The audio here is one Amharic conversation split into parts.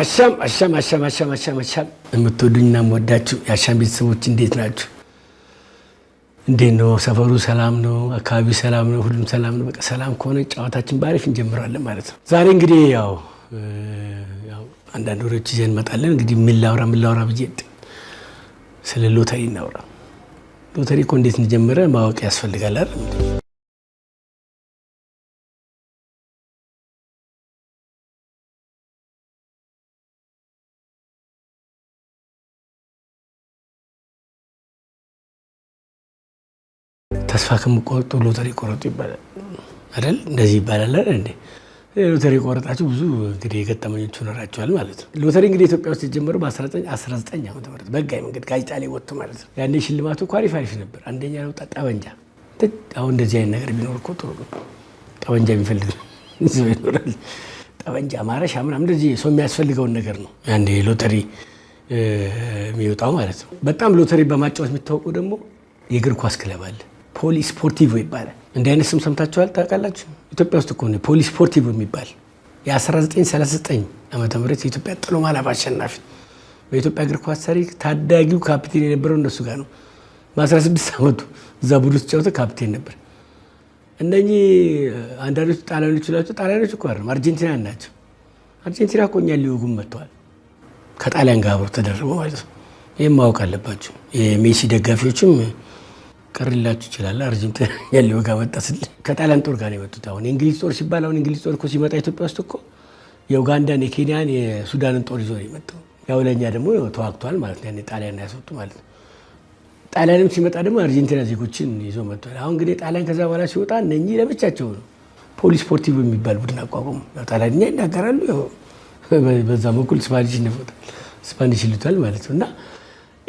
አሻም አሻም አሻም አሻም አሻም አሻም የምትወዱኝና የምወዳችሁ የአሻም ቤተሰቦች እንዴት ናችሁ? እንዴት ነው ሰፈሩ? ሰላም ነው? አካባቢው ሰላም ነው? ሁሉም ሰላም ነው? በቃ ሰላም ከሆነ ጨዋታችን በአሪፍ እንጀምራለን ማለት ነው። ዛሬ እንግዲህ ያው አንዳንድ ወሬዎች ይዘን እንመጣለን። እንግዲህ ምን ላውራ ምን ላውራ ብዬ ስለ ሎተሪ እናውራ። ሎተሪ እኮ እንዴት እንደጀመረ ማወቅ ያስፈልጋል አይደል? ተስፋ ከምቆርጡ ሎተሪ ቆረጡ ይባላል አይደል? እንደዚህ ይባላል አይደል እንዴ? ሎተሪ ቆረጣችሁ ብዙ እንግዲህ የገጠመኞች ኖራቸዋል ማለት ነው። ሎተሪ እንግዲህ ኢትዮጵያ ውስጥ የጀመረው በ1919 ዓ ም በጋይ መንገድ ጋዜጣ ላይ ወጥቶ ማለት ነው። ያኔ ሽልማቱ እኮ አሪፍ አሪፍ ነበር። አንደኛ ነው ጣ ጠበንጃ። አሁን እንደዚህ አይነት ነገር ቢኖር እኮ ጥሩ ነው። ጠበንጃ የሚፈልግ ሰው ይኖራል። ጠበንጃ፣ ማረሻ ምናምን እንደዚህ ሰው የሚያስፈልገውን ነገር ነው ያኔ ሎተሪ የሚወጣው ማለት ነው። በጣም ሎተሪ በማጫወት የሚታወቁ ደግሞ የእግር ኳስ ክለብ አለ። ስፖርቲቮ ይባላል። እንዲህ አይነት ስም ሰምታችኋል ታውቃላችሁ? ኢትዮጵያ ውስጥ እኮ ነው ስፖርቲቮ የሚባል የ1939 ዓ ም የኢትዮጵያ ጥሎ ማለፍ አሸናፊ በኢትዮጵያ እግር ኳስ ታሪክ ታዳጊው ካፕቴን የነበረው እነሱ ጋር ነው። በ16 ዓመቱ እዛ ቡድን ውስጥ ካፕቴን ነበር። እነኚህ አንዳንዶቹ ጣሊያኖች ይላቸው ጣሊያኖች እኮ አይደለም አርጀንቲና ናቸው። አርጀንቲና ኮኛ እኛን ሊወጉም መጥተዋል። ከጣሊያን ጋር አብሮ ተደርበው ማለት ነው። ይህም ማወቅ አለባቸው። የሜሲ ደጋፊዎችም ቀርላችሁ ይችላል። አርጀንቲና ያለው ጋር ወጣስል ስል ከጣሊያን ጦር ጋር ነው የመጡት። አሁን የእንግሊዝ ጦር ሲባል አሁን እንግሊዝ ጦር እኮ ሲመጣ ኢትዮጵያ ውስጥ እኮ የኡጋንዳን፣ የኬንያን፣ የሱዳንን ጦር ይዞ ነው የመጣው። ያው ለእኛ ደግሞ ተዋግቷል ማለት ነው። ያኔ ጣሊያን ያስወጡ ማለት ነው። ጣሊያንም ሲመጣ ደግሞ አርጀንቲና ዜጎችን ይዞ መጥቷል። አሁን እንግዲህ ጣሊያን ከዛ በኋላ ሲወጣ እነኚህ ለብቻቸው ነው ፖሊስ ስፖርቲቭ የሚባል ቡድን አቋቋሙ። ጣሊያንኛ ይናገራሉ። በዛ በኩል ስፓኒሽ ይነፈታል ስፓኒሽ ይሉታል ማለት ነው እና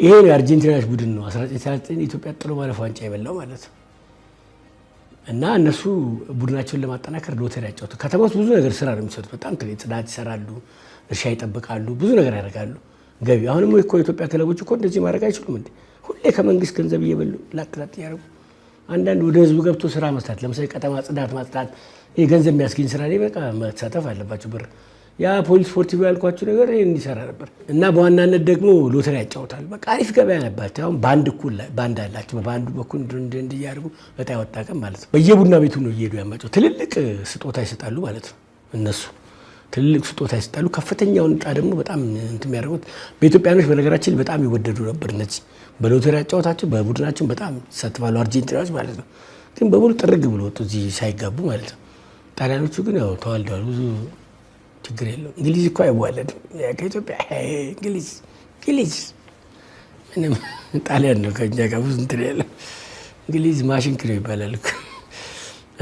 ይሄ ነው የአርጀንቲናዎች ቡድን ነው 1999 ኢትዮጵያ ጥሎ ማለፍ ዋንጫ የበላው ማለት ነው። እና እነሱ ቡድናቸውን ለማጠናከር ሎተሪ ያጫወቱ። ከተማ ውስጥ ብዙ ነገር ስራ ነው የሚሰጡት። በጣም ጽዳት ይሰራሉ፣ እርሻ ይጠብቃሉ፣ ብዙ ነገር ያደርጋሉ። ገቢ አሁንም እኮ የኢትዮጵያ ክለቦች እኮ እንደዚህ ማድረግ አይችሉም እንዴ? ሁሌ ከመንግስት ገንዘብ እየበሉ ላጥላጥ እያደረጉ አንዳንድ ወደ ህዝቡ ገብቶ ስራ መስራት፣ ለምሳሌ ከተማ ጽዳት ማጽዳት፣ ይህ ገንዘብ የሚያስገኝ ስራ ላይ በቃ መሳተፍ አለባቸው ብር ያ ፖሊስ ስፖርቲቭ ያልኳቸው ነገር ይሰራ ነበር እና በዋናነት ደግሞ ሎተሪ ያጫውታል። በቃ አሪፍ ገበያ ነበራቸው። አሁን በአንድ እኩል ባንድ አላቸው። በአንዱ በኩል እንድ እያደርጉ በጣም ያወጣቀም ማለት ነው። በየቡና ቤቱ ነው እየሄዱ ያመጫው። ትልልቅ ስጦታ ይሰጣሉ ማለት ነው። እነሱ ትልልቅ ስጦታ ይሰጣሉ። ከፍተኛውን እጣ ደግሞ በጣም እንትን የሚያደርጉት በኢትዮጵያኖች በነገራችን በጣም ይወደዱ ነበር እነዚህ በሎተሪ ያጫወታቸው በቡድናቸው በጣም ይሳተፋሉ። አርጀንቲናዎች ማለት ነው። ግን በሙሉ ጥርግ ብሎ ወጡ እዚህ ሳይጋቡ ማለት ነው። ጣሊያኖቹ ግን ያው ተዋልደዋል ብዙ ችግር የለው። እንግሊዝ እኮ አይዋለድም ከኢትዮጵያ እንግሊዝ እንግሊዝ ምንም ጣሊያን ነው ከእኛ ጋር ብዙ እንትን ያለ እንግሊዝ ማሽን ክነው ይባላል።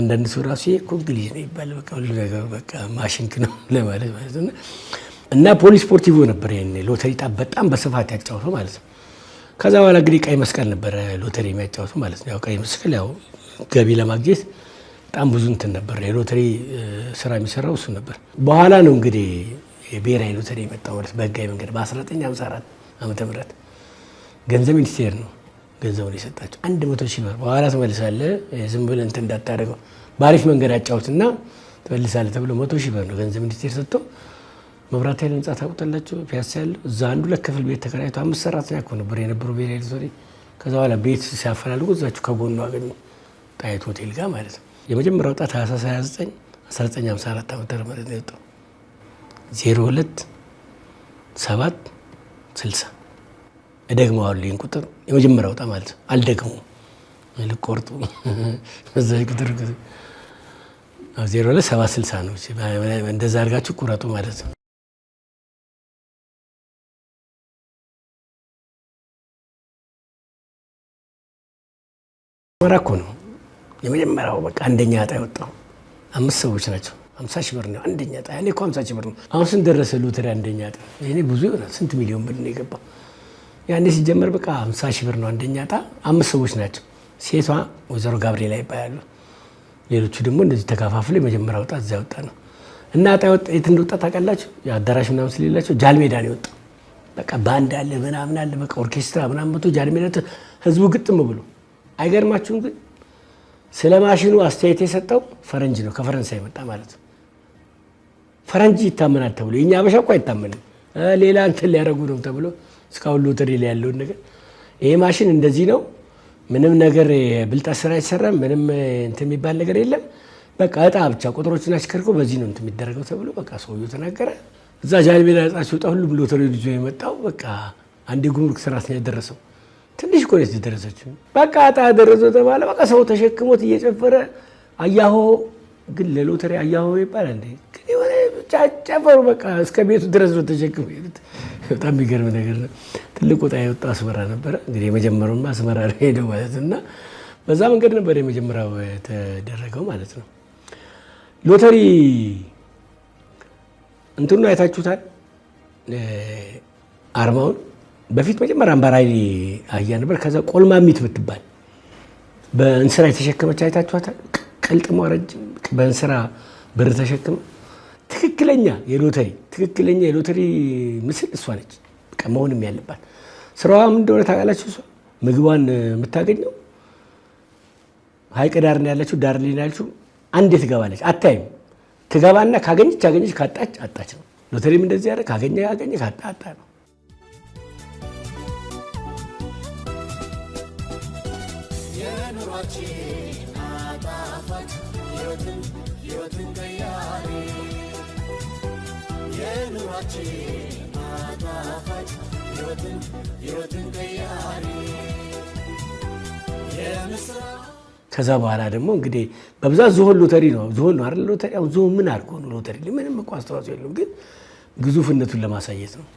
አንዳንድ ሰው ራሱ እኮ እንግሊዝ ነው ይባላል። በቃ ሁሉ ነገር በቃ ማሽን ክነው ለማለት ማለት ነው። እና ፖሊ ስፖርቲቮ ነበር ይሄኔ ሎተሪ ጣ በጣም በስፋት ያጫውተው ማለት ነው። ከዛ በኋላ እንግዲህ ቀይ መስቀል ነበረ ሎተሪ የሚያጫውተው ማለት ነው። ያው ቀይ መስቀል ያው ገቢ ለማግኘት በጣም ብዙ እንትን ነበር። የሎተሪ ስራ የሚሰራው እሱ ነበር። በኋላ ነው እንግዲህ የብሔራዊ ሎተሪ የመጣው ወደ በህጋዊ መንገድ በ1954 ዓመተ ምህረት ገንዘብ ሚኒስቴር ነው ገንዘቡን የሰጣቸው አንድ መቶ ሺህ ብር። በኋላ ትመልሳለህ ዝም ብለህ እንትን እንዳታደርገው በአሪፍ መንገድ አጫውትና ትመልሳለህ ተብሎ መቶ ሺህ ብር ነው ገንዘብ ሚኒስቴር ሰጥቶ መብራት ያለ ህንጻ ታውቁታላችሁ፣ ፒያሳ ያለው እዛ አንዱ ለክፍል ቤት ተከራይቶ አምስት ሰራተኛ እኮ ነበር የነበሩ ብሔራዊ ሎተሪ። ከዛ በኋላ ቤት ሲያፈላልጉ እዛችሁ ከጎኑ አገኙ ጣይቱ ሆቴል ጋር ማለት ነው። የመጀመሪያው ወጣት ታህሳስ 29 1954 ዓመተ ምህረት የወጣው። 02 7 60 እደግመዋለሁ ይህን ቁጥር የመጀመሪያው ወጣ ማለት ነው። አልደግሙም ልቆርጡ በዛ ቁጥር 02 7 60 ነው። እንደዛ አድርጋችሁ ቁረጡ ማለት ነው። መራ እኮ ነው የመጀመሪያው በቃ አንደኛ ዕጣ የወጣው አምስት ሰዎች ናቸው። አምሳ ሺህ ብር ነው አንደኛ ዕጣ። ያኔ እኮ አምሳ ሺህ ብር ነው። አሁን ስንት ደረሰ ሎተሪ አንደኛ ዕጣ? ይሄኔ ብዙ ይሆናል። ስንት ሚሊዮን ብር ነው የገባ? ያኔ ሲጀመር በቃ አምሳ ሺህ ብር ነው አንደኛ ዕጣ። አምስት ሰዎች ናቸው። ሴቷ ወይዘሮ ጋብርኤላ ይባላሉ። ሌሎቹ ደግሞ እንደዚህ ተከፋፍሎ የመጀመሪያ ወጣ እዛ ወጣ ነው እና ዕጣ የት እንደወጣ ታውቃላችሁ? አዳራሽ ምናምን ስለሌላቸው ጃልሜዳ ነው የወጣው። በቃ ባንድ አለ ምናምን አለ በቃ ኦርኬስትራ ምናምን መቶ ጃልሜዳ ህዝቡ ግጥም ብሎ አይገርማችሁም ግን ስለ ማሽኑ አስተያየት የሰጠው ፈረንጅ ነው፣ ከፈረንሳይ መጣ ማለት ነው። ፈረንጅ ይታመናል ተብሎ የእኛ አበሻ እኮ አይታመንም። ሌላ እንትን ሊያደርጉ ነው ተብሎ እስካሁን ሎተሪ ላይ ያለውን ነገር ይሄ ማሽን እንደዚህ ነው፣ ምንም ነገር ብልጠት ስራ አይሰራም፣ ምንም እንትን የሚባል ነገር የለም፣ በቃ እጣ ብቻ ቁጥሮችን አሽከርኮ በዚህ ነው እንትን የሚደረገው ተብሎ በቃ ሰውየው ተናገረ። እዛ ጃንሜዳ እጣ ሲወጣ ሁሉም ሎተሪ ልጆ የመጣው በቃ አንድ የጉምሩክ ስራ ያደረሰው ትንሽ እኮ ነው የተደረሰችው። በቃ እጣ ደረሰው ተባለ። በቃ ሰው ተሸክሞት እየጨፈረ አያሆ ግን ለሎተሪ አያሆ ይባላል እንዴ? ግን የሆነ ጨፈሩ በቃ እስከ ቤቱ ድረስ ነው ተሸክሞ ሄዱት። በጣም የሚገርም ነገር ነው። ትልቁ እጣ የወጣ አስመራ ነበረ። እንግዲህ የመጀመሪያውማ አስመራ ነው ሄደው ማለት እና በዛ መንገድ ነበር የመጀመሪያው የተደረገው ማለት ነው። ሎተሪ እንትኑ አይታችሁታል አርማውን በፊት መጀመሪያ አምባራይ አህያ ነበር። ከዛ ቆልማሚት የምትባል በእንስራ የተሸከመች አይታችኋታል። ቀልጥሟ ረጅም በእንስራ ብር ተሸክመ ትክክለኛ የሎተሪ ትክክለኛ የሎተሪ ምስል እሷ ነች። በቃ መሆንም ያለባት ምን እንደሆነ ታውቃላችሁ። እሷ ምግቧን የምታገኘው ሀይቅ ዳር ነው ያለችው፣ ዳር ላይ ያለችው። አንዴ ትገባለች፣ አታይም። ትገባና ካገኘች አገኘች፣ ካጣች አጣች ነው። ሎተሪም እንደዚህ ያደረግ ካገኘ ካገኘ ካጣ አጣ ነው። ኑሯችን አጣፋጭ ሕይወትን ሕይወትን ቀያሪ የኑሯችን አጣፋጭ ሕይወትን ሕይወትን ቀያሪ የምስራ ከዛ በኋላ ደግሞ እንግዲህ በብዛት ዝሆን ሎተሪ ነው። ዝሆን ነው አይደል? ሎተሪ ያው ዝሆን ምን አድርጎ ነው ሎተሪ? ምንም እኮ አስተዋጽኦ የለውም፣ ግን ግዙፍነቱን ለማሳየት ነው።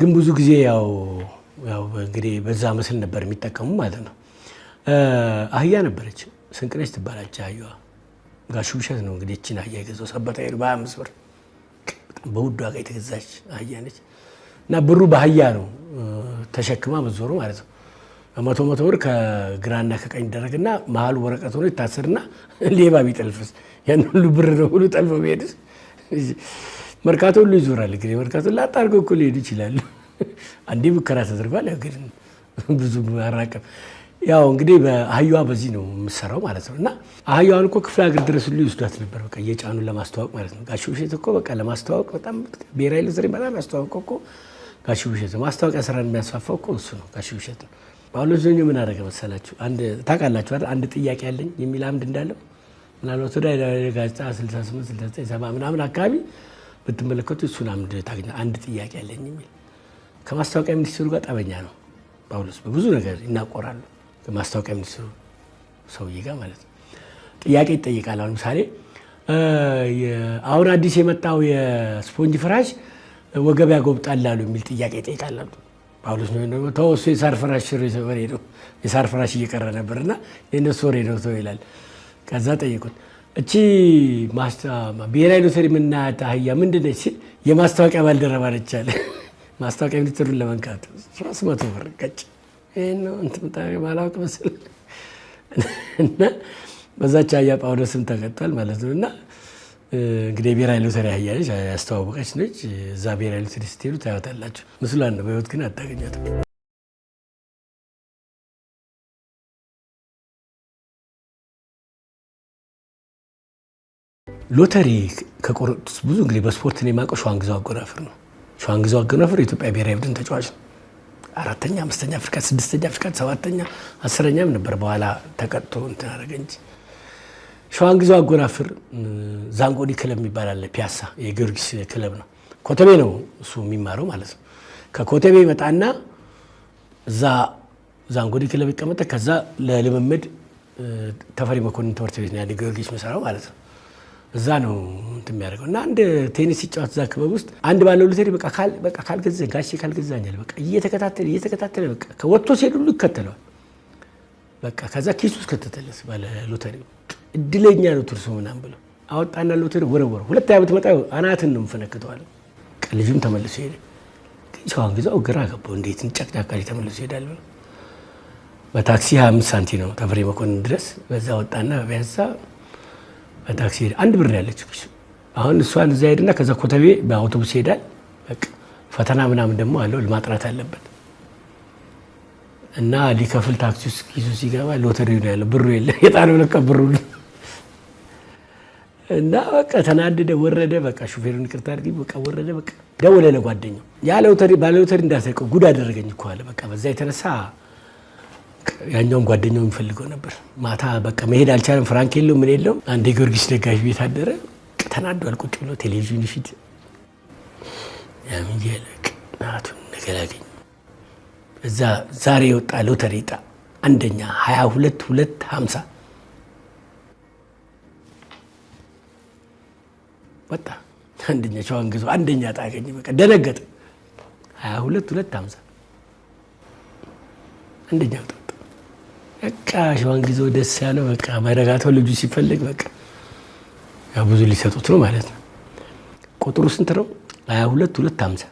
ግን ብዙ ጊዜ ያው ያው እንግዲህ በዛ ምስል ነበር የሚጠቀሙ ማለት ነው። አህያ ነበረች፣ ስንቅነች ትባላች አህያዋ። ጋሹ ብሸት ነው እንግዲህ እችን አህያ የገዛው ሰበታ ሄዱ፣ በሀያ አምስት ብር በውድ ዋጋ የተገዛች አህያ ነች። እና ብሩ በአህያ ነው ተሸክማ መዞሩ ማለት ነው። መቶ መቶ ብር ከግራና ከቀኝ ይደረግና መሀሉ ወረቀት ሆኖ ይታሰርና ሌባ ቢጠልፍስ ያን ሁሉ ብር ነው ሁሉ ጠልፎ ቢሄድስ? መርካቶ ሁሉ ይዞራል። እንግዲህ መርካቶ ላጣ አድርገው እኮ ሊሄዱ ይችላሉ። አንዴ ሙከራ ተደርጓል። ግን ብዙ አራቀም ያው እንግዲህ በአህያዋ በዚህ ነው የምሰራው ማለት ነው። እና አህያዋን እኮ ክፍለ ሀገር ድረስ ሁሉ ይወስዷት ነበር፣ በቃ እየጫኑን ለማስተዋወቅ ማለት ነው። ጋሽ ውሸት እኮ በቃ ለማስተዋወቅ በጣም ብሔራዊ ሎተሪ በጣም ያስተዋወቀው እኮ ጋሽ ውሸት ነው። ማስታወቂያ ስራ የሚያስፋፋው እኮ እሱ ነው፣ ጋሽ ውሸት ነው። ጳውሎስ ኞኞ ምን አደረገ መሰላችሁ? አንድ ታውቃላችሁ አይደል? አንድ ጥያቄ ያለኝ የሚል አምድ እንዳለው ምናልባት ወደ ጋዜጣ 68 69 70 ምናምን አካባቢ ብትመለከቱ እሱን አምድ ታገኛ። አንድ ጥያቄ ያለኝ የሚል ከማስታወቂያ ሚኒስትሩ ጋር ጠበኛ ነው ጳውሎስ፣ በብዙ ነገር ይናቆራሉ ማስታወቂያ ሚኒስትሩ ሰውዬ ጋር ማለት ነው ጥያቄ ይጠይቃል። አሁን ምሳሌ አሁን አዲስ የመጣው የስፖንጅ ፍራሽ ወገብ ያጎብጣል አሉ የሚል ጥያቄ ይጠይቃል አሉ። ጳውሎስ ነው ተው እሱ የሳር ፍራሽ ወሬ ነው የሳር ፍራሽ እየቀረ ነበር ነበርና የእነሱ ወሬ ነው ተው ይላል። ከዛ ጠየቁት እቺ ብሔራዊ ሎተሪ የምናያት አህያ ምንድን ነች? የማስታወቂያ ባልደረባ ነች አለ። ማስታወቂያ ሚኒስትሩን ለመንካት ሶስት መቶ ብር ቀጭ ይህን ነው እንትን ባላውቅ መስል እና በዛች አህያ ጳውሎስም ተከቷል ማለት ነው። እና እንግዲህ የብሔራዊ ሎተሪ አህያ ያስተዋወቀች ነች። እዛ ብሔራዊ ሎተሪ ስትሄዱ ታያወታላችሁ። ምስሏን ነው፣ በህይወት ግን አታገኛትም። ሎተሪ ከቆረጡት ብዙ እንግዲህ በስፖርት የማውቀው ሸዋንግዛው አጎናፍር ነው። ሸዋንግዛው አጎናፍር የኢትዮጵያ ብሔራዊ ቡድን ተጫዋች ነው። አራተኛ፣ አምስተኛ ፍርቀት፣ ስድስተኛ ፍርቀት፣ ሰባተኛ፣ አስረኛም ነበር። በኋላ ተቀጥቶ እንትን አደረገ እንጂ ሸዋን ጊዜው አጎናፍር ዛንጎዲ ክለብ የሚባል አለ። ፒያሳ የጊዮርጊስ ክለብ ነው። ኮተቤ ነው እሱ የሚማረው ማለት ነው። ከኮተቤ ይመጣና እዛ ዛንጎዲ ክለብ ይቀመጠ። ከዛ ለልምምድ ተፈሪ መኮንን ትምህርት ቤት ነው ጊዮርጊስ መሰራው ማለት ነው። እዛ ነው እንትን የሚያደርገው እና አንድ ቴኒስ ሲጫወት እዛ ክበብ ውስጥ አንድ ባለው ሎተሪ በቃ ካልገዛ ጋሼ ካልገዛኛል በቃ እየተከታተለ እየተከታተለ በቃ ከወጥቶ ሲሄድ ሁሉ ይከተለዋል። በቃ ከዛ ኪሱ ውስጥ ባለ ሎተሪ እድለኛ ነው ትርሶ ምናም ብለው አወጣና ሎተሪ ወረወረ። ሁለት ዓመት መጣ አናትን ነው ምፈነክተዋል። ቀልጅም ተመልሶ ሄደ። ሰውን ግዛው ግራ ገባው። እንዴት ጨቅጫቃ ተመልሶ ይሄዳል ብለው በታክሲ 25 ሳንቲ ነው ተፈሪ መኮንን ድረስ በዛ ወጣና በቢያንሳ በታክሲ ሄደ። አንድ ብር ያለች አሁን እሷን እዛ ሄድና ከዛ ኮተቤ በአውቶቡስ ሄዳል። ፈተና ምናምን ደግሞ አለው ማጥናት አለበት እና ሊከፍል ታክሲ ውስጥ ኪሱ ሲገባ ሎተሪ ነው ያለው፣ ብሩ የለ የጣለው ለካ ብሩ እና በቃ ተናደደ፣ ወረደ። በቃ ሹፌሩን ቅርታ አድርጊ፣ በቃ ወረደ። በቃ ደወለ ለጓደኛው ያለ ሎተሪ ባለ ሎተሪ እንዳሰቀው ጉድ አደረገኝ እኮ አለ። በቃ በዛ የተነሳ ያኛውም ጓደኛው የሚፈልገው ነበር። ማታ በቃ መሄድ አልቻለም። ፍራንክ የለው ምን የለው። አንድ የጊዮርጊስ ደጋፊ ቤት አደረ። ተናዷል። ቁጭ ብሎ ቴሌቪዥን ፊት ያምያለቅ ናቱን ነገላገኝ እዛ ዛሬ የወጣ ሎተሪ ዕጣ አንደኛ ሀያ ሁለት ሁለት ሀምሳ ወጣ አንደኛ ቸዋን ገዞ አንደኛ ዕጣ አገኘ። በቃ ደነገጠ። ሀያ ሁለት ሁለት ሀምሳ አንደኛ ወጣ። በቃ ሸዋን ጊዜ ደስ ያለው በቃ ማረጋተው ልጁ ሲፈልግ በቃ ያው ብዙ ሊሰጡት ነው ማለት ነው። ቁጥሩ ስንት ነው? ሀያ ሁለት ሁለት ሀምሳ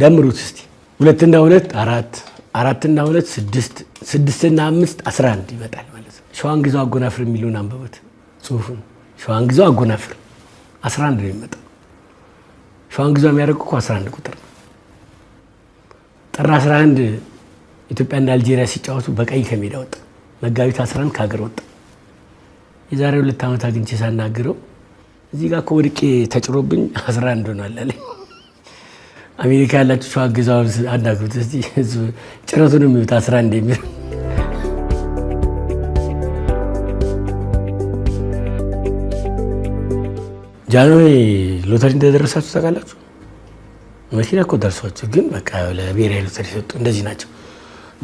ደምሩት እስቲ ሁለትና ሁለት አራት አራትና ሁለት ስድስት ስድስትና አምስት አስራ አንድ ይመጣል ማለት ነው። ሸዋን ጊዜው አጎናፍር የሚሉን አንበበት ጽሁፉን ሸዋን ጊዜው አጎናፍር አስራ አንድ ነው የሚመጣው። ሸዋን ጊዜው የሚያደርግ እኮ አስራ አንድ ቁጥር ነው። ጥር አስራ አንድ ኢትዮጵያና አልጄሪያ ሲጫወቱ በቀይ ከሜዳ ወጣ። መጋቢት 11 ከሀገር ወጣ። የዛሬ ሁለት ዓመት አግኝቼ ሳናግረው እዚህ ጋር ከወድቄ ተጭሮብኝ 11 ሆኗል አለኝ። አሜሪካ ያላችሁ ሸዋ ግዛውን አናግሩት እስኪ ጭረቱን የሚሉት 11 የሚል ጃንሆይ ሎተሪ እንደደረሳችሁ ታውቃላችሁ። መኪና እኮ ደርሷችሁ ግን በቃ ለብሔራዊ ሎተሪ ሰጡ። እንደዚህ ናቸው።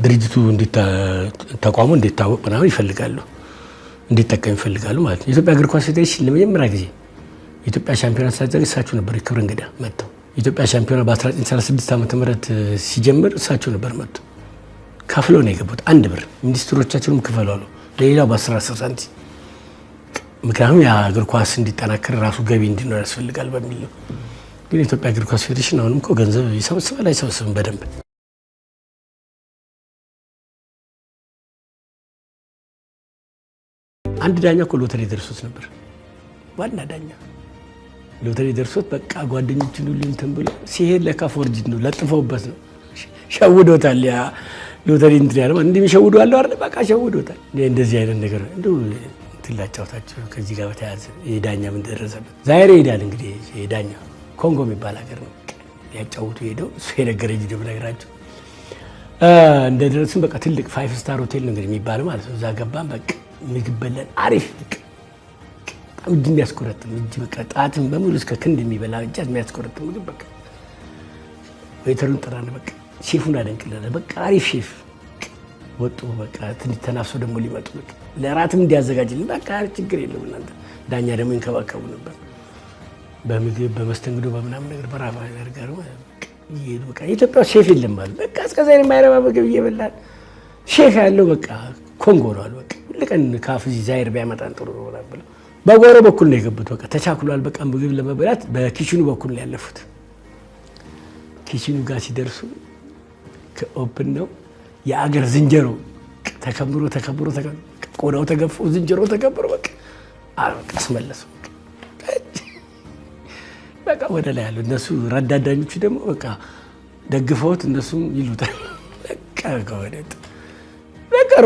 ድርጅቱ ተቋሙ እንዲታወቅ ምናምን ይፈልጋሉ እንዲጠቀም ይፈልጋሉ ማለት ነው። የኢትዮጵያ እግር ኳስ ፌዴሬሽን ለመጀመሪያ ጊዜ የኢትዮጵያ ሻምፒዮና ሲያዘጋጅ እሳቸው ነበር የክብር እንግዳ መጥተው። የኢትዮጵያ ሻምፒዮና በ1936 ዓ ም ሲጀምር እሳቸው ነበር መጥቶ ከፍለው ነው የገቡት። አንድ ብር ሚኒስትሮቻቸውንም ክፈሉ አሉ፣ ለሌላው በ10 ሳንቲም። ምክንያቱም ያ እግር ኳስ እንዲጠናከር ራሱ ገቢ እንዲኖር ያስፈልጋል በሚል ነው። ግን የኢትዮጵያ እግር ኳስ ፌዴሬሽን አሁንም እኮ ገንዘብ ይሰበስባል አይሰበስብም በደንብ አንድ ዳኛ እኮ ሎተሪ ደርሶት ነበር። ዋና ዳኛ ሎተሪ ደርሶት በቃ ጓደኞችን ሁሉ እንትን ብሎ ሲሄድ ለካ ፎርጅድ ነው፣ ለጥፈውበት ነው፣ ሸውዶታል። ያ ሎተሪ እንትን ያለ እንዲህ የሚሸውዱ አለው አይደል? በቃ ሸውዶታል። እንደዚህ አይነት ነገር እንዲ እንትን ላጫውታቸው። ከዚህ ጋር በተያያዘ የዳኛ ምን ደረሰበት? ዛይሬ ይሄዳል እንግዲህ የዳኛ ኮንጎ የሚባል ሀገር ነው ያጫውቱ ሄደው እሱ የነገረኝ ደብ ነገራቸው እንደደረስን በቃ ትልቅ ፋይፍ ስታር ሆቴል ነው እንግዲህ የሚባል ማለት ነው። እዛ ገባን በቃ ምግብ በላን። አሪፍ በጣም እጅ የሚያስቆረጥም እጅ በቃ ጣትም በሙሉ እስከ ክንድ የሚበላ እጃ የሚያስቆረጥም ምግብ በቃ ወይተሩን ጠራን። በቃ ሼፉን አደንቅልናለን። በቃ አሪፍ ሼፍ ወጡ። በቃ ትንሽ ተናፍሶ ደግሞ ሊመጡ በቃ ለራትም እንዲያዘጋጅልን በቃ ችግር የለም እናንተ ዳኛ ደግሞ ይንከባከቡ ነበር። በምግብ በመስተንግዶ በምናምን ነገር በራፋ ነገር ጋር ኢትዮጵያ ሼፍ የለም አሉ። በቃ እስከዛ የማይረባ ምግብ እየበላን ሼፍ ያለው በቃ ኮንጎ በቃ ሁል ካፍ ዛይር ቢያመጣን ጥሩ ነው ብለው በጓሮ በኩል ነው የገቡት። በቃ ተቻክሏል። በቃ ምግብ ለመብላት በኪችኑ በኩል ነው ያለፉት። ኪችኑ ጋር ሲደርሱ ከኦፕን ነው የአገር ዝንጀሮ ተከምሮ ተከምሮ ቆዳው ተገፎ ዝንጀሮ ተከምሮ በቃ አስመለሱ። በቃ ወደ ላይ ያሉ እነሱ ረዳዳኞቹ ደግሞ በቃ ደግፈውት እነሱም ይሉታል በቃ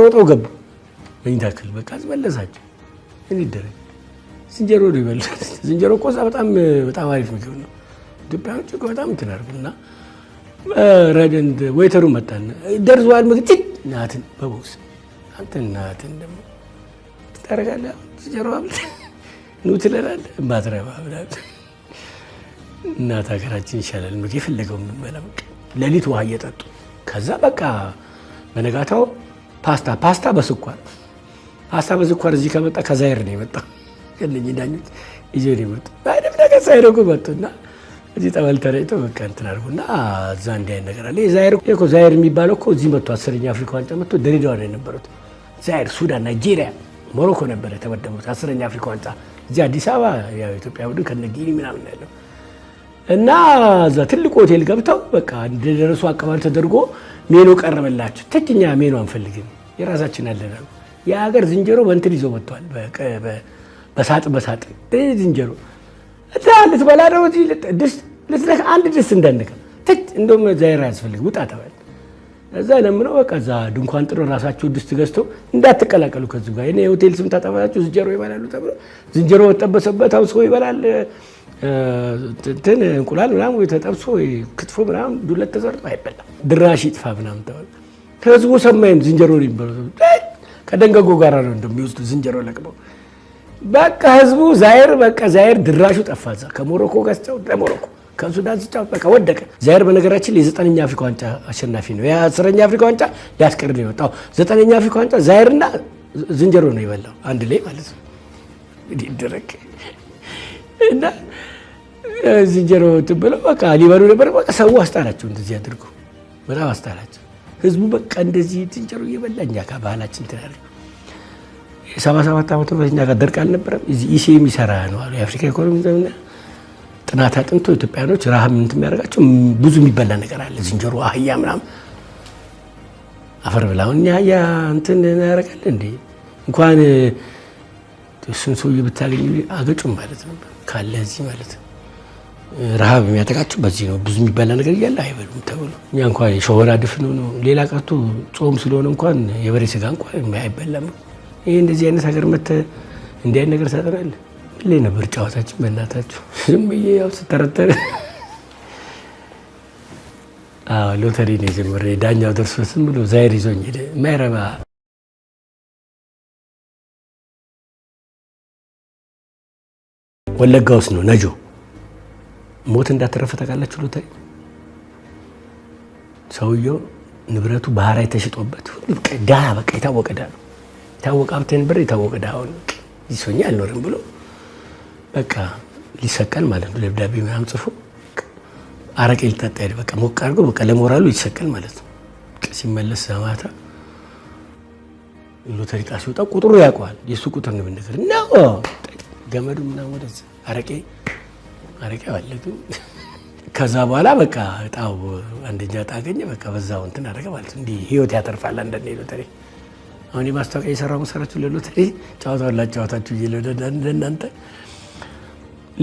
ሮጠው ገቡ መኝታ ክፍል። በቃ አስመለሳቸው። ምን ይደረግ? ዝንጀሮ ነው ይበላል። ዝንጀሮ እኮ እዛ በጣም በጣም አሪፍ ምግብ ነው። ኢትዮጵያኖች እኮ በጣም እንትን አድርገው እና ረደን ወይተሩ መጣን። ደርሷል ምግብ ጭ ናትን በቦክስ አንተ ናትን ደግሞ ታደርጋለህ። ዝንጀሮ ኑ ትለናለህ። ማትረባ ብላለህ። እናት ሀገራችን ይሻላል። ምግብ የፈለገው የምንበላ በቃ ሌሊት ውሃ እየጠጡ ከዛ በቃ በነጋታው ፓስታ ፓስታ በስኳር ፓስታ በስኳር እዚህ ከመጣ ከዛይር ነው የመጣ ከነኝ ዳኞች ይዞ ነው የመጡ ምንም ነገር ሳይረጉ መጡና እዚህ ጠበል ተረጭቶ በቃ እንትን አልኩና እዛ እንዲህ አይነት ነገር አለ። ዛይር እኮ ዛይር የሚባለው እኮ እዚህ መጥቶ አስረኛ አፍሪካ ዋንጫ መጥቶ ድሬዳዋ ነው የነበሩት። ዛይር፣ ሱዳን፣ ናይጄሪያ፣ ሞሮኮ ነበረ የተመደቡት አስረኛ አፍሪካ ዋንጫ እዚህ አዲስ አበባ ያው ኢትዮጵያ ቡድን ከነጊኒ ምናምን ያለው እና እዛ ትልቁ ሆቴል ገብተው በቃ እንደደረሱ አቀባበል ተደርጎ ሜኑ ቀረበላቸው። ተችኛ ሜኑ አንፈልግም፣ የራሳችን አለና የሀገር ዝንጀሮ በእንትን ይዞ መጥቷል። በሳጥ በሳጥ ዝንጀሮ እዛ ልትበላ ነው እዚህ ድስት ልትነካ አንድ ድስት እንዳንነካ ትች እንደውም ዛይራ ያስፈልግ ውጣ ተባለ። እዛ ለምነው በቃ እዛ ድንኳን ጥሎ ራሳቸው ድስት ገዝቶ እንዳትቀላቀሉ ከዚ ጋር የሆቴል ስም ታጠፋላችሁ ዝንጀሮ ይበላሉ ተብሎ ዝንጀሮ ተጠበሰበት አውስኮ ይበላል እንትን እንቁላል ምናም ወይ ተጠብሶ ክትፎ ምናም ዱለት ተሰርቶ አይበላም። ድራሽ ይጥፋ ምናም ተባለ። ህዝቡ ሰማይም ዝንጀሮ ይበሉ ከደንገጎ ጋር ነው እንደሚወስዱ ዝንጀሮ ለቅመው በቃ ህዝቡ ዛይር በቃ ዛይር ድራሹ ጠፋ። እዛ ከሞሮኮ ጋር ስጫወት ለሞሮኮ ከሱዳን ስጫወት በቃ ወደቀ። ዛይር በነገራችን የዘጠነኛ አፍሪካ ዋንጫ አሸናፊ ነው። የአስረኛ አፍሪካ ዋንጫ ሊያስቀር ነው የወጣው። ዘጠነኛ አፍሪካ ዋንጫ ዛይርና ዝንጀሮ ነው የበላው አንድ ላይ ማለት ነው ድረቅ እና ዝንጀሮ እንትን በቃ ሊበሉ ነበር። በቃ ሰው አስጣላቸው፣ እንደዚህ አድርጉ። በጣም አስጣላቸው። ህዝቡ በቃ እንደዚህ ዝንጀሮ እየበላ እኛ ጋር ባህላችን እንትን የሰባ ሰባት ዓመት በኛ ጋር ደርቅ አልነበረም። ኢሲ የሚሰራ ነው አሉ የአፍሪካ ኢኮኖሚ ጥናት አጥንቶ ኢትዮጵያኖች ረሃብ ምንት የሚያደርጋቸው ብዙ የሚበላ ነገር አለ፣ ዝንጀሮ፣ አህያ ምናምን አፈር ብላሁን አሁን አህያ እንትን ያደርጋል እንዴ እንኳን እሱን ሰውዬ ብታገኝ አገጩም ማለት ነው ካለ እዚህ ማለት ነው ረሃብ የሚያጠቃቸው በዚህ ነው። ብዙ የሚበላ ነገር እያለ አይበሉም ተብሎ እኛ እንኳን የሸወራ ድፍን ነው፣ ሌላ ቀርቶ ጾም ስለሆነ እንኳን የበሬ ስጋ እንኳን አይበላም። ይህ እንደዚህ አይነት ሀገር መተ እንዲህ አይነት ነገር ሳጠናል ሌ ነበር ጨዋታችን። በእናታችሁ ዝም ብዬ ያው ስተረተር ሎተሪ ነው የጀመረ ዳኛው ደርሶ ዝም ብሎ ዛይር ይዞኝ ሄደ። ማይረባ ወለጋ ውስጥ ነው ነጆ ሞት እንዳተረፈ ታውቃላችሁ። ሎተሪ ሰውየው ንብረቱ ባህር ላይ ሁሉ ዳ በቃ የታወቀ ዳ ነው የታወቀ ሀብቴን ብር የታወቀ ዳ ሆነ ይሶኛ አልኖርም ብሎ በቃ ሊሰቀል ማለት ነው። ደብዳቤ ምናምን ጽፎ አረቄ ሊጠጣ ሄደ። በቃ ሞቅ አድርጎ በቃ ለሞራሉ ይሰቀል ማለት ነው። ሲመለስ ዘማታ ሎተሪ ጣ ሲወጣ ቁጥሩ ያውቀዋል። የእሱ ቁጥር ነው ብንገር ገመዱ ምናምን ወደዚያ አረቄ ማረቂያ ፈለገ። ከዛ በኋላ በቃ እጣው አንደኛ እጣ አገኘ። በቃ በዛው እንትን አደረገ ማለት እንዲህ ህይወት ያተርፋል። አንዳንዴ ሎተሪ አሁን የማስታወቂያ የሰራው መሰረቱ ለሎተሪ ጨዋታውን ላጨዋታችሁ እየ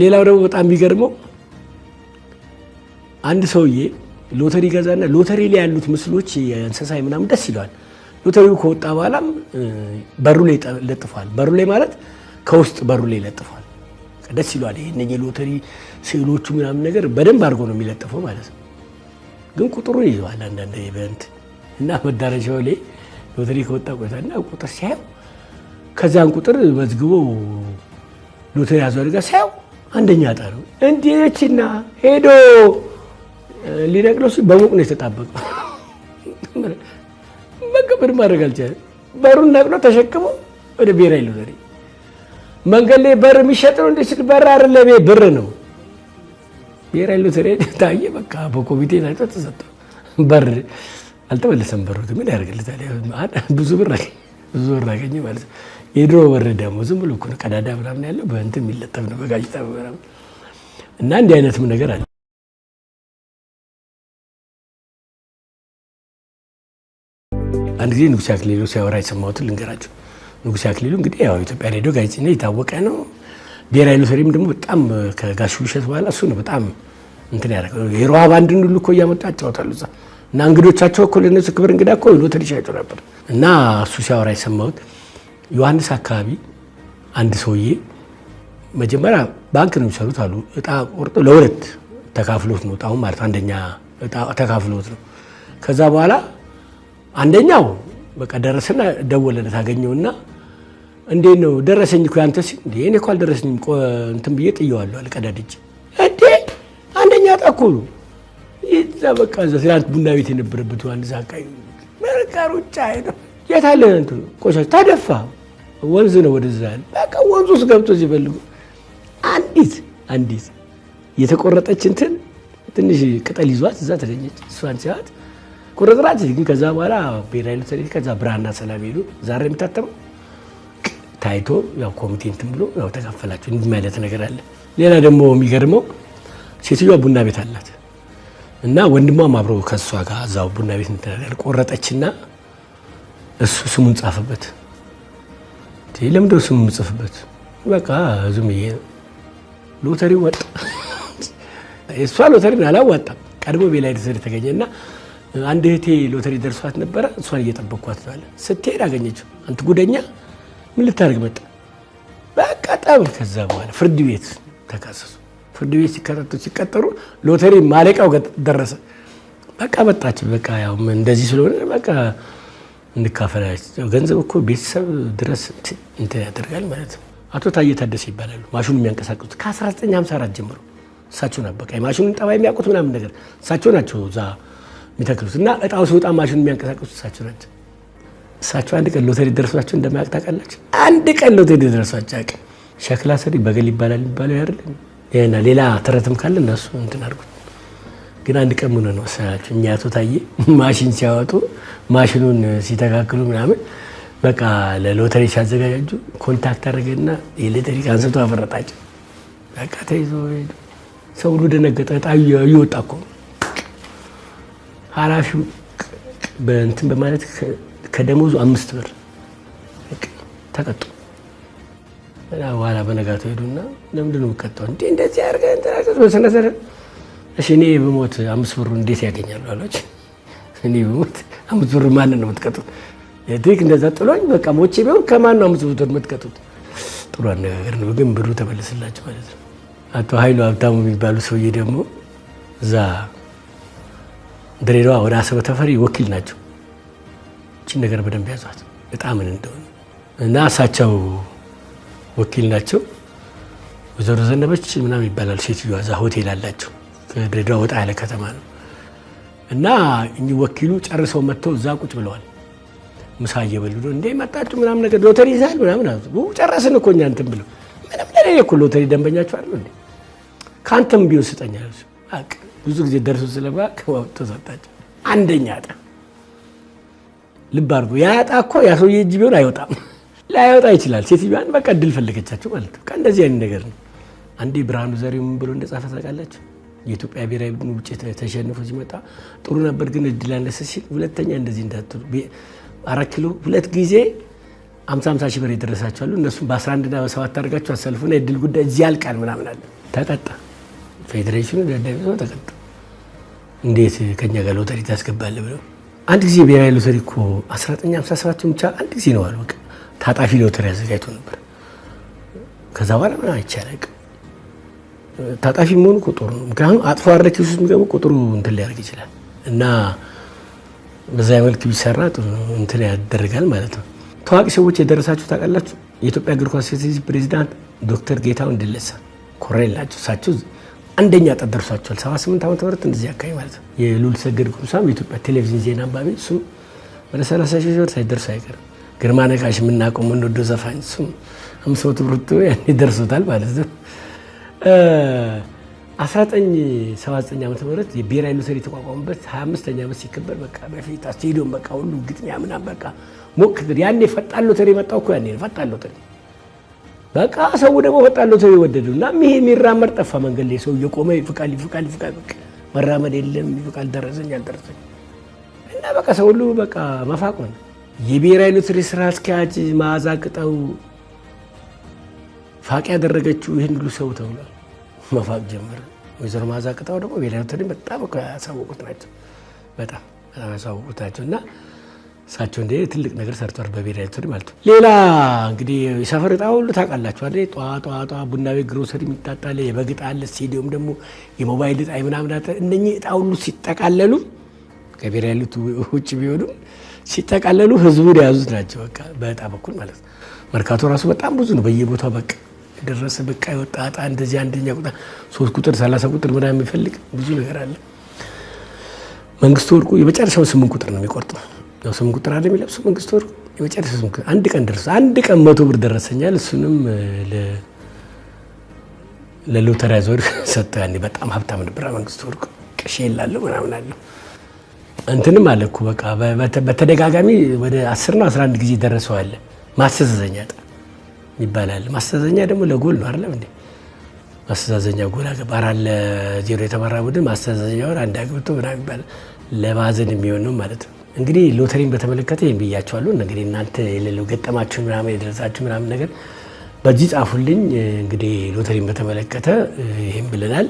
ሌላው ደግሞ በጣም ቢገርመው አንድ ሰውዬ ሎተሪ ገዛና ሎተሪ ላይ ያሉት ምስሎች የእንስሳ ምናምን ደስ ይለዋል። ሎተሪው ከወጣ በኋላም በሩ ላይ ለጥፏል። በሩ ላይ ማለት ከውስጥ በሩ ላይ ለጥፏል። ደስ ይሏል። ይሄ ሎተሪ ስዕሎቹ ምናምን ነገር በደንብ አድርጎ ነው የሚለጠፈው ማለት ነው። ግን ቁጥሩን ይዘዋል አንዳንድ ኢቨንት እና መዳረሻው ላይ ሎተሪ ከወጣ ቆይታ እና ቁጥር ሲያየው ከዛን ቁጥር መዝግቦ ሎተሪ ያዙ አድርጋ ሲያየው አንደኛ ጣ ነው እንዴችና ሄዶ ሊነቅለው ሲል በሙቅ ነው የተጣበቀው። መቀበል ማድረግ አልቻለም። በሩን ነቅሎ ተሸክሞ ወደ ብሔራዊ ሎተሪ መንገድ ላይ በር የሚሸጥ ነው እንደ ሲል በር አይደለም፣ ብር ነው። ብሔራዊ ሎተሪ ታየ። በቃ በኮሚቴ ታይቶ ተሰጠ። በር አልተመለሰም። በሩ ምን ያደርግልታል? ብዙ ብር ብዙ ብር አገኘ ማለት የድሮ በር ደግሞ ዝም ብሎ ቀዳዳ ምናምን ያለው በእንትን የሚለጠፍ ነው በጋዜጣ ምናምን እና እንዲህ አይነትም ነገር አለ። አንድ ጊዜ ንጉሴ አክሊሉ ሲያወራ የሰማሁትን ልንገራቸው። ንጉሴ አክሊሉ እንግዲህ ያው ኢትዮጵያ ሬዲዮ ጋዜጠኛ የታወቀ ነው። ብሔራዊ ሎተሪም ደግሞ በጣም ከጋሽ ውብሸት በኋላ እሱ ነው በጣም እንትን ያደረገው። የሮሃ ባንድን ሁሉ እኮ እያመጣ ያጫወታሉ እዛ እና እንግዶቻቸው እኮ ለነሱ ክብር እንግዳ እኮ ሎተሪ ሻጩ ነበር። እና እሱ ሲያወራ የሰማሁት ዮሐንስ አካባቢ አንድ ሰውዬ መጀመሪያ ባንክ ነው የሚሰሩት አሉ። እጣ ቆርጦ ለሁለት ተካፍሎት ነው እጣውን ማለት አንደኛ ተካፍሎት ነው። ከዛ በኋላ አንደኛው በቃ ደረሰና ደወለለ ታገኘውና እንዴት ነው ደረሰኝ እኮ ያንተ ሲል እንዴ እኔ እኮ አልደረሰኝም እንትን ብዬ ጥየዋለሁ አልቀዳድጄ እንዴ አንደኛ ጣኩ ይዛ በቃ እዛ ትናንት ቡና ቤት የነበረበት ዋን ዛቃይ አካባቢ በቃ ሩጫ ሄደው የት አለ እንትን ቆሻሻ ተደፋ ወንዝ ነው ወደዛ ያለ በቃ ወንዙ ውስጥ ገብቶ ሲፈልጉ አንዲት አንዲት የተቆረጠች እንትን ትንሽ ቅጠል ይዟት እዛ ተገኘች እሷን ሲያት ቁርጥራጭ ግን ከዛ በኋላ ብሔራዊ ሎተሪ ከዛ ብራና ሰላም ሄዱ ዛሬ የሚታተመው ታይቶ ያው ኮሚቴ እንትን ብሎ ያው ተካፈላቸው እንዲህ ማለት ነገር አለ። ሌላ ደግሞ የሚገርመው ሴትዮዋ ቡና ቤት አላት እና ወንድሟም አብሮ ከእሷ ጋር እዛው ቡና ቤት እንትናል ቆረጠችና እሱ ስሙን ጻፈበት። ለምንድን ነው ስሙን ጽፍበት? በቃ ዝም ብዬ ሎተሪ ወጣ። እሷ ሎተሪን አላዋጣም ቀድሞ ብሔራዊ ሎተሪ ተገኘና አንድ እህቴ ሎተሪ ደርሷት ነበረ። እሷን እየጠበቅኳት ባለ ስትሄድ አገኘችው። አንተ ጉደኛ ምን ልታደርግ መጣ? በቃ ከዛ በኋላ ፍርድ ቤት ተካሰሱ። ፍርድ ቤት ሲከታተሉ ሲቀጠሩ ሎተሪ ማለቂያው ደረሰ። በቃ መጣች። በቃ ያው እንደዚህ ስለሆነ በቃ እንካፈላለች። ገንዘብ እኮ ቤተሰብ ድረስ እንትን ያደርጋል ማለት ነው። አቶ ታዬ ታደሰ ይባላሉ። ማሽኑ የሚያንቀሳቅሱት ከ1954 ጀምሮ እሳቸው ናበቃ ማሽኑን ጠባይ የሚያውቁት ምናምን ነገር እሳቸው ናቸው እዛ የሚተክሉት እና እጣው ሲወጣ ማሽኑ የሚያንቀሳቀሱት እሳቸው ናቸው። እሳቸው አንድ ቀን ሎተሪ ደረሷቸው እንደማያውቅ ታውቃላችሁ? አንድ ቀን ሎተሪ ደረሷቸው ያቅ ሸክላ ሰሪ በገል ይባላል ይባላል ያደል ይሄና ሌላ ተረትም ካለ እነሱ እንትን አድርጉት። ግን አንድ ቀን ምን ነው እሳቸው እኛ አቶ ታዬ ማሽን ሲያወጡ ማሽኑን ሲተካክሉ ምናምን በቃ ለሎተሪ ሲያዘጋጃጁ ኮንታክት አደረገና የሎተሪ አንስቶ አፈረጣቸው። በቃ ተይዞ ሰው ሁሉ ደነገጠ። እጣ እየወጣ እኮ ኃላፊው በእንትን በማለት ከደሞዙ አምስት ብር ተቀጡ። እና በኋላ በነጋቱ ሄዱና ለምንድን ነው የምትቀጣው? እንደ እንደዚህ አድርገህ እንትን በስነሰረ እሺ እኔ ብሞት አምስት ብሩ እንዴት ያገኛሉ አሎች እኔ ብሞት አምስት ብሩ ማንን ነው የምትቀጡት? ትክ እንደዛ ጥሎኝ በቃ ሞቼ ቢሆን ከማን ነው አምስት ብሩ የምትቀጡት? ጥሩ አነጋገር ነው፣ ግን ብሩ ተመልስላቸው ማለት ነው። አቶ ሀይሉ ሀብታሙ የሚባሉ ሰውዬ ደግሞ እዛ ድሬዳዋ ወደ አሰበ ተፈሪ ወኪል ናቸው። እችን ነገር በደንብ ያዟት በጣም እንደሆነ እና እሳቸው ወኪል ናቸው። ወይዘሮ ዘነበች ምናም ይባላል ሴትዮዋ እዛ ሆቴል አላቸው። ከድሬዳዋ ወጣ ያለ ከተማ ነው እና እኚህ ወኪሉ ጨርሰው መጥተው እዛ ቁጭ ብለዋል። ምሳ እየበሉ ነው እንዴ መጣችሁ ምናምን ነገር ሎተሪ ይዛል ምናምን ጨረስን እኮ እኛ እንትን ብለው ምንም ለሌለ እኮ ሎተሪ ደንበኛቸው አሉ እንዴ ከአንተም ቢሆን ስጠኛ ብዙ ጊዜ ደርሶ ስለባ ክበብ ተሰጣቸው። አንደኛ ዕጣ ልብ አድርጎ ያ እኮ ያ ሰውዬ እጅ ቢሆን አይወጣም፣ ላይወጣ ይችላል። ሴትዮዋን በቃ እድል ፈለገቻቸው ማለት ነው። እንደዚህ አይነት ነገር ነው። አንዴ ብርሃኑ ዘሪሁን ምን ብሎ እንደጻፈ ታውቃላችሁ? የኢትዮጵያ ብሔራዊ ቡድን ውጭ ተሸንፎ ሲመጣ ጥሩ ነበር ግን እድል አነሰ ሲል፣ ሁለተኛ እንደዚህ እንዳትሉ አራት ኪሎ ሁለት ጊዜ አምሳ አምሳ ሺህ ብር የደረሳቸዋሉ እነሱም በ11ና በሰባት አድርጋቸው አሳልፉና የድል ጉዳይ እዚህ ያልቃል ምናምን አለ። ተጠጣ ፌዴሬሽኑ ደብዳቤ ሰው ተቀጣ። እንዴት ከኛ ጋር ሎተሪ ታስገባለህ ብለው አንድ ጊዜ ብሔራዊ ሎተሪ እኮ 1957 ብቻ አንድ ጊዜ ነው አሉ። ታጣፊ ሎተሪ አዘጋጅቶ ነበር። ከዛ በኋላ ምን አይቻለቅ ታጣፊ መሆኑ ቁጥሩ ነው። ምክንያቱም አጥፎ አድረክ ውስጥ የሚገቡ ቁጥሩ እንትን ሊያደርግ ይችላል እና በዛ መልክ ቢሰራ ጥሩ እንትን ያደርጋል ማለት ነው። ታዋቂ ሰዎች የደረሳችሁ ታውቃላችሁ። የኢትዮጵያ እግር ኳስ ፌዴሬሽን ፕሬዚዳንት ዶክተር ጌታሁን ደለሳ ኮራ የላቸው እሳቸው አንደኛ ዕጣ ደርሷቸዋል። 78 ዓመተ ምህረት እንደዚህ አካባቢ ማለት ነው። የሉል ሰገድ ቁምሳም የኢትዮጵያ ቴሌቪዥን ዜና አንባቢ እሱም ወደ 30 ሺህ ብር ሳይደርሱ አይቀርም። ግርማ ነጋሽ የምናውቀው የምንወደው ዘፋኝ እሱም አምስት መቶ ብር ያኔ ደርሶታል ማለት ነው። 1979 ዓመተ ምህረት የብሔራዊ ሎተሪ የተቋቋሙበት 25ኛ ዓመት ሲከበር በቃ በፊት ስቴዲዮም በቃ ሁሉ ግጥሚያ ምናምን በቃ ሞክ ያኔ ፈጣን ሎተሪ የመጣው እኮ ያኔ ፈጣን ሎተሪ በቃ ሰው ደግሞ ፈጣን ነው ሰው የወደዱ እና ይሄ የሚራመድ ጠፋ። መንገድ ላይ ሰው እየቆመ ይፍቃል ይፍቃል ይፍቃል፣ መራመድ የለም ይፍቃል። ደረሰኝ አልደረሰኝ እና በቃ ሰው ሁሉ በቃ መፋቅ ሆነ። የብሔራዊ ሎተሪ ስራ አስኪያጅ መዓዛ ቅጣው ፋቅ ያደረገችው ይህን ሁሉ ሰው ተብሏል። መፋቅ ጀመረ። ወይዘሮ መዓዛ ቅጣው ደግሞ ብሔራዊ ሎተሪ በጣም ያሳወቁት ናቸው። በጣም በጣም ያሳወቁት ናቸው እና እሳቸው እንደ ትልቅ ነገር ሰርቷል በብሔራዊ ሎተሪ ማለት ነው። ሌላ እንግዲህ የሰፈር ዕጣ ሁሉ ታውቃላችኋል። ጠዋ ጠዋ ቡና ቤት ግሮሰሪ የሚጣጣለ የበግ ዕጣ አለ። ሲዲዮም ደግሞ የሞባይል ዕጣ ምናምን አለ። እነኚህ ዕጣ ሁሉ ሲጠቃለሉ ከብሔራዊ ሎተሪ ውጭ ቢሆኑም ሲጠቃለሉ ህዝቡን የያዙት ናቸው። በቃ በዕጣ በኩል ማለት ነው። መርካቶ ራሱ በጣም ብዙ ነው። በየቦታው በቃ ደረሰ በቃ የወጣ ዕጣ እንደዚህ አንደኛ ቁጥር፣ ሶስት ቁጥር፣ ሰላሳ ቁጥር ምናምን የሚፈልግ ብዙ ነገር አለ። መንግስቱ ወርቁ የመጨረሻውን ስምንት ቁጥር ነው የሚቆርጠው ያው ስም ቁጥር አለ የሚለብሱ መንግስት ወር የመጨረሻ ስም አንድ ቀን ደረሰ። አንድ ቀን መቶ ብር ደረሰኛል። እሱንም ለሎተሪ ዞር ሰጠ። ያኔ በጣም ሀብታም ነበር መንግስት ወርቁ። ቅሼ እላለሁ ምናምን አለው እንትንም አለ እኮ በቃ በተደጋጋሚ ወደ ነው አስራ አንድ ጊዜ አለ። ማስተዛዘኛ ጣ ይባላል። ማስተዛዘኛ ደግሞ ለጎል ነው አይደለም እንዴ? ማስተዛዘኛ ጎል አገባ አራት ለዜሮ የተመራ ቡድን ማስተዛዘኛውን አንድ አግብቶ ምናምን ይባላል። ለማዘን የሚሆን ነው ማለት ነው። እንግዲህ ሎተሪን በተመለከተ ይህን ብያቸዋለሁ። እንግዲህ እናንተ የሌለው ገጠማችሁ ምናምን የደረሳችሁ ምናምን ነገር በዚህ ጻፉልኝ። እንግዲህ ሎተሪን በተመለከተ ይህም ብለናል።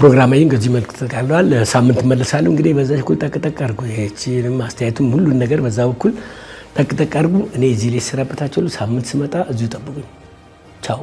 ፕሮግራማይን ከዚህ መልክ ተጠቃለዋል። ሳምንት መለሳለሁ። እንግዲህ በዛ በኩል ጠቅጠቅ አድርጉ። ይህችንም አስተያየቱም ሁሉን ነገር በዛ በኩል ጠቅጠቅ አድርጉ። እኔ እዚህ ላይ ሰራበታቸዋለሁ። ሳምንት ስመጣ እዚሁ ጠብቁኝ። ቻው